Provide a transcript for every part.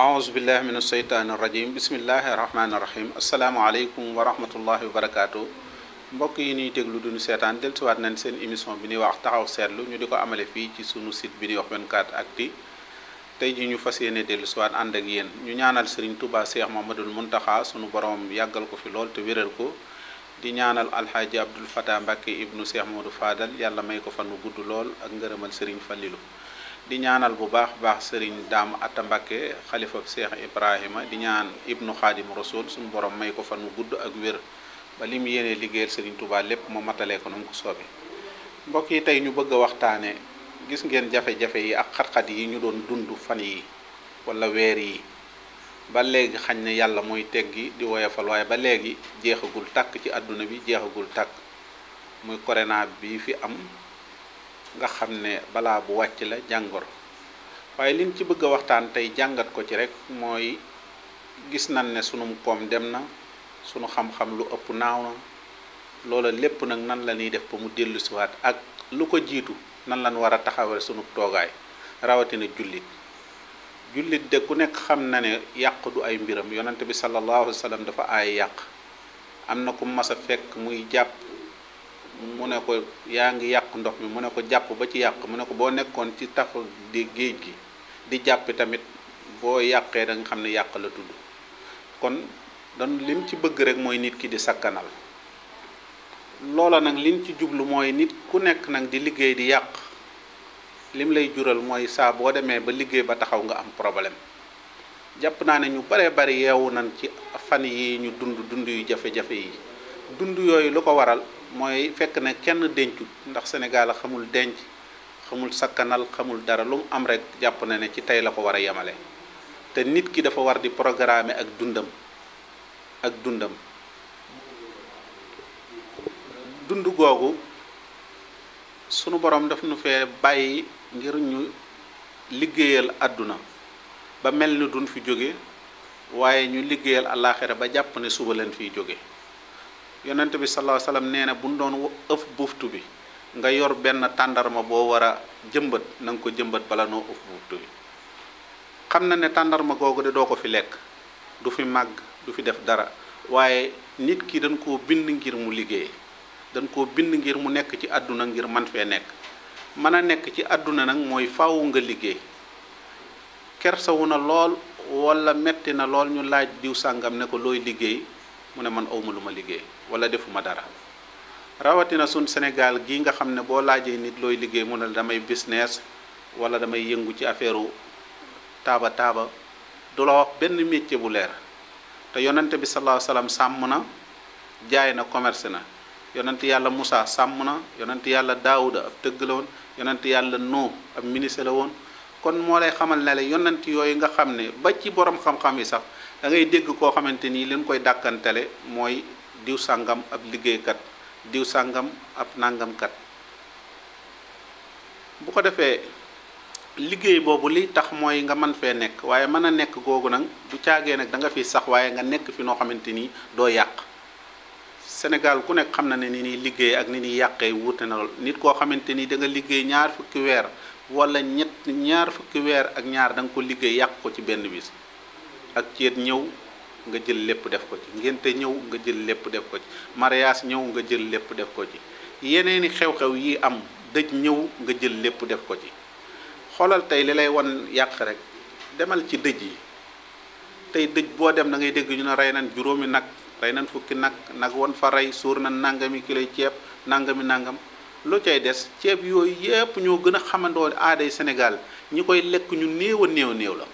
aousubillah min asheytaani irajim bismillahi rahmaaniirahim asalaamualeykum wa rahmatullahi wa barakaatu mbokk yi ñuy déglu duñu seetaan del siwaat nañ seen émission bi ñuy wax taxaw seetlu ñu di ko amale fii ci sunu site bi ñuy wax ak actu tey ji ñu fas yéene dellu siwaat ànd ak yéen ñu ñaanal Serigne Touba Cheikh Mamadul Muntaxa sunu boroom yàggal ko fi lool te wéral ko di ñaanal alxaaji Abdul Fatah Mbàkke ibnu Cheikh Mamadou Fadal yàlla may ko fan wu gudd lool ak ngërëmal Serigne Fallilou di ñaanal bu baax baax sëriñ daam atta mbakke xalifa seex ibrahima di ñaan ibnu xaadim rasul suñu borom may ko fan mu gudd ak wér ba li mu yéene liggéeyal sëriñ Touba lépp mu matalee ko mu ko soobee mbokk yi tey ñu bëgg a waxtaane gis ngeen jafe-jafe yi ak xat-xat yi ñu doon dund fan yi walla weer yi ba léegi xañ na yàlla mooy teggi di woyofal waaye ba léegi jeexagul tàkk ci àdduna bi jeexagul tàkk muy corona bi fi am nga xam ne balaa bu wàcc la jàngoro waaye liñ ci bëgg waxtaan tey jàngat ko ci rek mooy gis nañ ne sunum koom dem na sunu xam-xam lu ëpp naaw na loola lépp nag nan la def ba mu dellusiwaat ak lu ko jiitu nan lañ war a taxawal sunu toogaay rawatina jullit jullit de ku nekk xam na ne yàq du ay mbiram yonante bi sallallahu alayhi dafa ay yàq am na ku mas fekk muy jàpp mu ne ko yaa ngi yàq ndox mi mu ne ko jàpp ba ci yàq mu ne ko boo nekkoon ci taxu di géej gi di jàppi tamit boo yàqee da xam ne yàq la tudd kon don lim ci bëgg rek mooy nit ki di sakkanal looloo nag lim ci jublu mooy nit ku nekk nag di liggéey di yàq lim lay jural mooy saa boo demee ba liggéey ba taxaw nga am problème jàpp naa ne ñu baree bari yeewu nañ ci fan yi ñu dund dund yu jafe-jafe yi dund yooyu lu ko waral mooy fekk na kenn dencut ndax Sénégal xamul denc xamul sakkanal xamul dara lu mu am rekk jàpp na ne ci tey la ko war a yemale te nit ki dafa war di programmer ak dundam ak dundam dund googu sunu borom daf nu fee bàyyi ngir ñu liggéeyal àdduna ba mel ni duñ fi jóge waaye ñu liggéeyal àllaaxira ba jàpp ne suba leen fiy jóge yonent bi sallallahu alayhi nee na bu ñu doon ëf buuftu bi nga yor benn tàndarma boo war a jëmbat na ko jëmbat bala noo ëf buuftu bi xam na ne tàndarma googu de doo ko fi lekk du fi màgg du fi def dara waaye nit ki dañ ko bind ngir mu liggéey dañ koo bind ngir mu nekk ci àdduna ngir man fee nekk mën a nekk ci àdduna nag mooy faaw nga liggéey kersawu na lool wala metti na lool ñu laaj diw sàngam ne ko looy liggéey mu ne man awma lu ma liggéey wala defuma dara rawatina sun Sénégal gii nga xam ne boo laajee nit looy liggéey mu ne damay business wala damay yëngu ci affaire taaba taaba du la wax benn métier bu leer te yonent bi sallallahu salaam sàmm na jaay na commerce na yonent yàlla Moussa sàmm na yonent yàlla Daawuda ab tëgg la yonent yàlla Nuux ab ministre la woon kon moo lay xamal ne la yonent yooyu nga xam ne ba ci borom xam-xam yi sax dangay dégg koo xamante nii leen koy dàkkantale mooy diw sàngam ab liggéeykat diw sàngam ab nàngamkat bu ko defee liggéey boobu li tax mooy nga mën fee nekk waaye mën a nekk googu nag du caagee nag danga fi sax waaye nga nekk fi noo xamante ni doo yàq Sénégal ku nekk xam na ne ni ñuy liggéey ak ni ñuy yàqee wute na lool nit koo xamante ni danga liggéey ñaar fukki weer walla ñett ñaar fukki weer ak ñaar da ko liggéey yàq ko ci benn bis ak ceet ñëw nga jël lépp def ko ci ngénte ñëw nga jël lépp def ko ci mariage ñëw nga jël lépp def ko ci yeneeni xew-xew yi am dëj ñëw nga jël lépp def ko ci xoolal tey li lay wan yàq rek demal ci dëj yi tey dëj boo dem da ngay dégg ñu ne rey nañ juróomi nag rey nañ fukki nag nag won fa rey suur na nangami kiloy ceeb nangami nangam lu cay des ceeb yooyu yépp ñoo gën a xamandoo aaday senegal ñi koy lekk ñu néew a néew néew la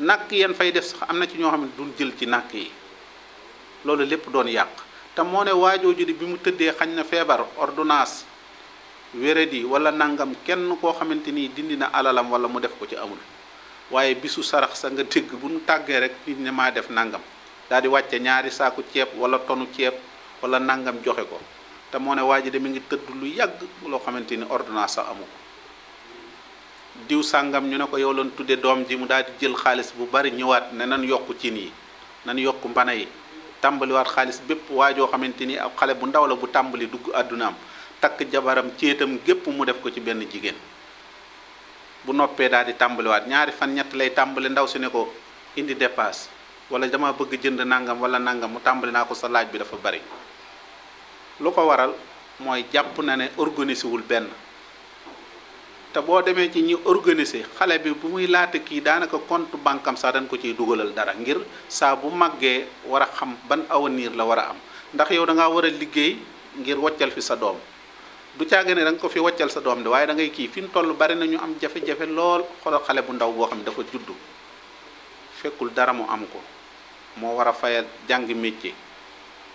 nàkk yan fay def sax am na ci ñoo xam ne duñ jël ci nàkk yi loolu lépp doon yàq te moo ne waajooju di bi mu tëddee xañ na feebar ordonnance wéradi wala nangam kenn koo xamante ni dindi na alalam wala mu def ko ci amul waaye bisu sarax sa nga dégg bu ñu tàggee rek nit ne maa def nangam daal di wàcce ñaari saaku ceeb wala tonu ceeb wala nangam joxe ko te moo ne waa ji de mi ngi tëdd lu yàgg loo xamante ni ordonnance sax amu diw sàngam ñu ne ko yow lan tudde doom ji mu daal di jël xaalis bu bari ñëwaat ne nan yokk cin yi nan yokk mbana yi tàmbaliwaat xaalis bépp waajoo xamante ni ab xale bu ndaw la bu tàmbali dugg àddunaam takk jabaram céetam gépp mu def ko ci benn jigéen bu noppee daal di tàmbaliwaat ñaari fan ñett lay tàmbali ndaw si ne ko indi dépasse wala dama bëgg jënd nangam wala nangam mu tàmbali naa ko sa laaj bi dafa bari lu ko waral mooy jàpp na ne organisé wul benn te boo demee ci ñi organiser xale bi bu muy laata kii daanaka compte banque am sax dañ ko ciy dugalal dara ngir saa bu màggee war a xam ban niir la war a am ndax yow da ngaa war a liggéey ngir woccal fi sa doom du caaga ne da ko fi waccal sa doom de waaye da ngay kii fi mu toll bari na am jafe-jafe lool xoolal xale bu ndaw boo xam ne dafa juddu fekkul dara mu am ko moo war a fayal jàng métier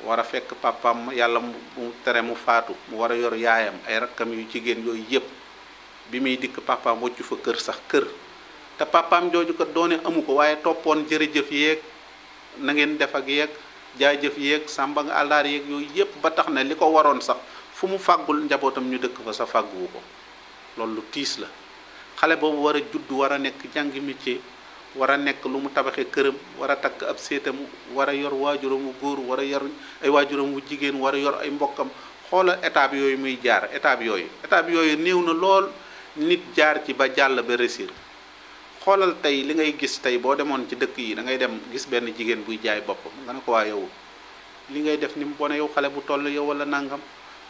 war a fekk papam yàlla mu tere mu faatu mu war a yor yaayam ay rakkam yu jigéen yooyu yëpp. bi muy dikk papaam woccu fa kër sax kër te papaam jooju ko doone amu ko waaye toppoon jërëjëf yeeg na ngeen def ak yeeg jaajëf yeeg sàmba nga àllaar yeeg yooyu yépp ba tax na li ko waroon sax fu mu fàggul njabootam ñu dëkk fa sa fàgguwu ko loolu lu tiis la xale boobu war a judd war a nekk jàngi métier war a nekk lu mu tabaxee këram war a takk ab seetam war a yor waajuram wu góor war a yor ay waajuram wu jigéen war a yor ay mbokkam xoolal étape yooyu muy jaar étape yooyu étape nit jaar ci ba jàll ba réussir xoolal tey li ngay gis tey boo demoon ci dëkk yi da ngay dem gis benn jigéen buy jaay boppam nga ne ko waa yow li ngay def ni mu bone yow xale bu toll yow wala nangam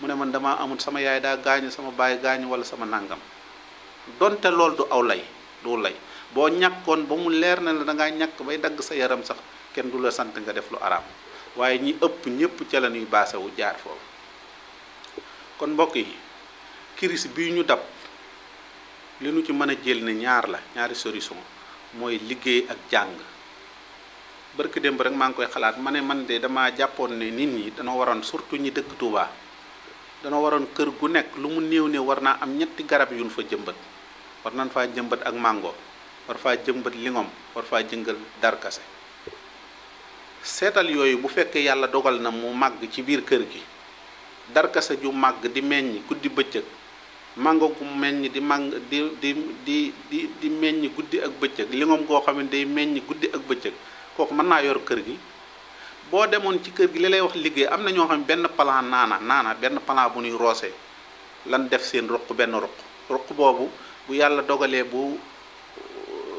mu ne man damaa amul sama yaay daa gaañu sama baay gaañu wala sama nàngam donte loolu du aw lay du lay boo ñàkkoon ba mu leer na la da ngaa ñàkk bay dagg sa yaram sax kenn du la sant nga def lu araam waaye ñi ëpp ñëpp ca la ñuy wu jaar foofu kon mbokk yi crise bii ñu dab. li nu ci mën a jël ne ñaar la ñaari solution mooy liggéey ak jàng barki démb rek maa ngi koy xalaat ma ne man de dama jàppoon ne nit ñi danoo waroon surtout ñi dëkk Touba danoo waroon kër gu nekk lu mu néew ne war naa am ñetti garab yu nu fa jëmbat war nañ faa jëmbat ak mango war faa jëmbat lingom war faa jëngal darkase seetal yooyu bu fekkee yàlla dogal na mu màgg ci biir kër gi darkase ju màgg di meññ guddi bëccëg mango gu meññ di màng di di di di di meññ guddi ak bëccëg lingom goo xam ne day meññ guddi ak bëccëg kooku mën naa yor kër gi boo demoon ci kër gi li lay wax liggéey am na ñoo xam ne benn plan naana naana benn plan bu ñuy roosee lan def seen ruq benn ruq ruq boobu bu yàlla dogalee bu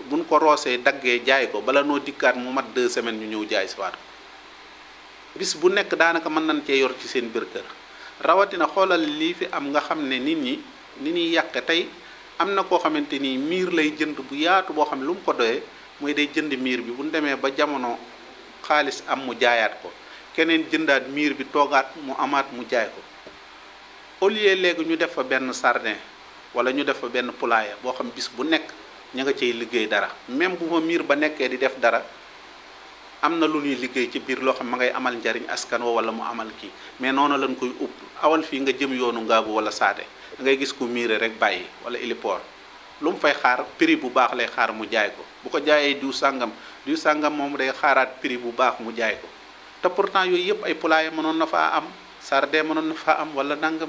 buñ ko roosee daggee jaay ko bala noo dikkaat mu mat deux semaine ñu ñëw jaay si waat bis bu nekk daanaka mën nañ cee yor ci seen biir kër rawatina xoolal lii am nga xam ne nit ñi ni ñuy yàqe tey am na koo xamante ni miir lay jënd bu yaatu boo xam ne lu mu ko doyee mooy day jënd miir bi bu ñu demee ba jamono xaalis am mu jaayaat ko keneen jëndaat miir bi toogaat mu amaat mu jaay ko au lieu ñu def fa benn sardin wala ñu def fa benn poulailler boo xam bis bu nekk ña nga cay liggéey dara même bu fa miir ba nekkee di def dara am na lu ñuy liggéey ci biir loo xam ma ngay amal njariñ askan wa wala mu amal kii mais noonu lañ koy upp awal fii nga jëm yoonu ngaabu wala saate da ngay gis ku miire rek bàyyi wala héliport lu mu fay xaar prix bu baax lay xaar mu jaay ko bu ko jaayee diw sàngam diw sàngam moom day xaaraat prix bu baax mu jaay ko te pourtant yooyu yëpp ay poulailler mënoon na faa am sardin mënoon na faa am wala nangam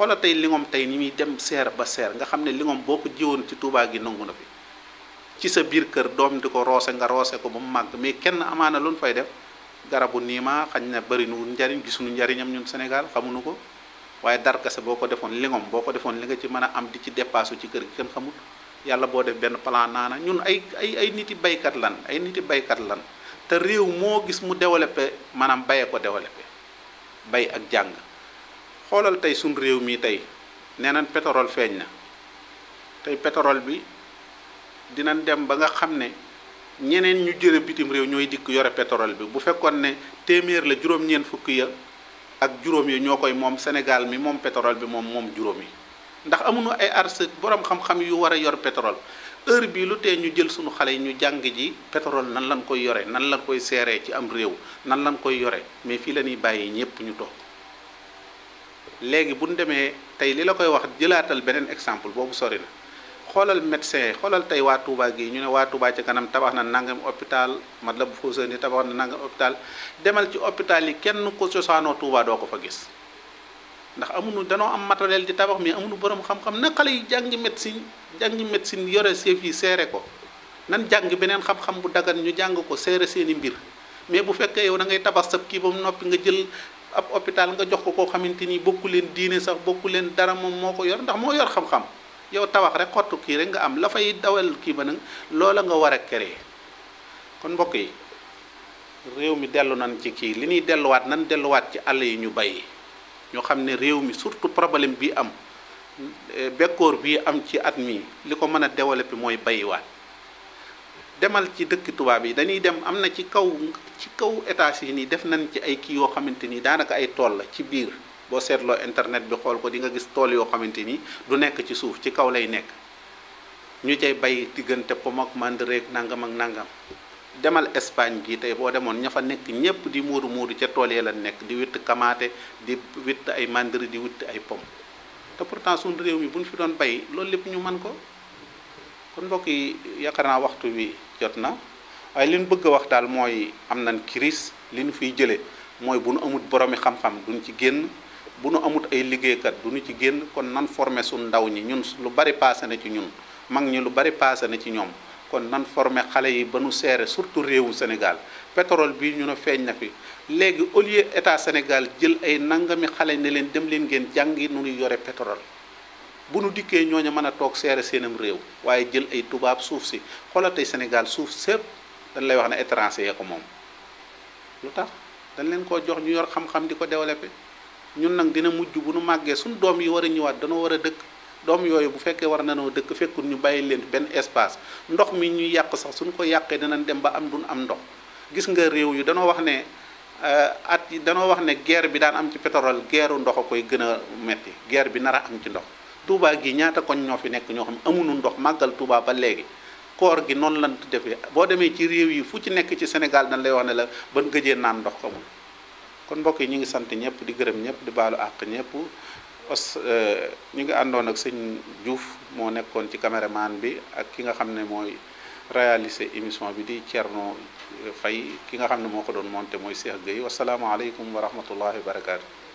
xoola tey lingom tey ni muy dem seer ba seer nga xam ne lingom boo ko jiwoon ci Tuubaa gi nangu na fi ci sa biir kër doom di ko roose nga roose ko ba mu màgg mais kenn amaana lu ñu fay def garabu niima xañ na bëri nu njariñ gisuñu njariñam ñun Sénégal xamuñu ko waaye darkase boo ko defoon lingom boo ko defoon li nga ci mën a am di ci dépassu ci kër gi kenn xamut yàlla boo def benn plan naana ñun ay ay ay niti baykat lan ay nit yi baykat lan te réew moo gis mu développé maanaam bayee ko développé bay ak jàng xoolal tey suñ réew mii tey nee nañ pétrole feeñ na tey pétrole bi dinañ dem ba nga xam ne ñeneen ñu jëre bitim réew ñooy dikk yore pétrole bi bu fekkoon ne téeméer la juróom-ñeent fukki ya ak juróom yi ñoo koy moom Sénégal mi moom pétrole bi moom moom juróom yi ndax amuñu ay ars borom xam-xam yu war a yor pétrole heure bii lu tee ñu jël suñu xale yi ñu jàng ji pétrole nan lañ koy yore nan lañ koy seeree ci am réew nan lañ koy yore mais fii la ñuy bàyyi ñépp ñu toog léegi bu ñu demee tey li la koy wax jëlaatal beneen exemple boobu sori na xoolal médecin yi xoolal tey waa Touba gi ñu ne waa Touba ci kanam tabax na nangam bu Matlaboul Fawzayni tabax na nangam hôpital demal ci hôpital yi kenn ko cosaanoo Touba doo ko fa gis ndax amuñu danoo am matériel di tabax mais amuñu borom xam-xam na xale yi jàngi médecine jàngi médecine yore chef yi seere ko nan jàng beneen xam-xam bu dagan ñu jàng ko seere seeni mbir mais bu fekkee yow na ngay tabax sab kii ba mu noppi nga jël ab hôpital nga jox ko koo xamante ni bokku leen diine sax bokku leen dara moom moo ko yor ndax moo yor xam yow tabax rek xottu kii rek nga am la fay dawal kii ba nag loola nga war a créer kon mbokk yi réew mi dellu nan ci kii li ñuy delluwaat nan delluwaat ci àll yi ñu bay ñoo xam ne réew mi surtout problème bi am bekkoor bii am ci at mi li ko mën a développer mooy bayiwaat demal ci dëkk tubaab yi dañuy dem am na ci kaw ci kaw étage yi nii def nañ ci ay kii yoo xamante ni daanaka ay tool la ci biir boo seetloo internet bi xool ko di nga gis tool yoo xamante ni du nekk ci suuf ci kaw lay nekk ñu cay bay diggante pom ak mandarin nangam ak nangam demal Espagne gi tey boo demoon ña fa nekk ñépp di muuru muuru ca tool ya la nekk di witt kamaate di witt ay mandarin di witt ay pom te pourtant suñ réew mi bu ñu fi doon bay loolu lépp ñu man ko kon mbokk yi yaakaar naa waxtu wi jot na waaye li ñu bëgg a wax daal mooy am na crise li ñu fiy jëlee mooy bu amul boromi xam-xam duñ ci génn bu nu amut ay liggéeykat du ñu ci génn kon nan former suñ ndaw ñi ñun lu bari passé na ci ñun mag ñi lu bari passé na ci ñoom kon nan former xale yi ba nu seere surtout réewu Sénégal pétrole bi ñu a feeñ na fi léegi au lieu état Sénégal jël ay nangami xale ne leen dem leen ngeen jàngi nu ñuy yore pétrole bu nu dikkee ñooñu mën a toog seere seenam réew waaye jël ay tubaab suuf si xolate Sénégal suuf sépp dañ lay wax ne étranger ya ko moom lu tax dañ leen koo jox ñu yor xam di ko développé. ñun nag dina mujj bu nu màggee suñu doom yi war a ñëwaat danoo war a dëkk doom yooyu bu fekkee war nanoo dëkk fekkul ñu bàyyi leen benn espace ndox mi ñuy yàq sax suñu ko yàqee dinañ dem ba am duñ am ndox gis nga réew yu danoo wax ne euh, at yi danoo wax ne guerre bi daan am ci pétrole guerre ndox a koy gën a metti guerre bi nar a am ci ndox Touba gi ñaata kon ñoo fi nekk ñoo xam amuñu ndox màggal Touba ba léegi koor gi noonu lan defee boo demee ci réew yi fu ci nekk ci Sénégal dañ lay wax ne la ban gëjee naan ndox xamul kon mbokk yi ñu ngi sant ñëpp di gërëm ñëpp di baalu àq ñëpp os euh, ñu ngi àndoon ak sëñ Diouf moo nekkoon ci caméraman bi ak ki nga xam ne mooy réaliser émission bi di Thierno euh, Faye ki nga xam ne moo ko doon monte mooy Cheikh Gueye wasalaamaaleykum wa rahmatullahi wa barakaatu.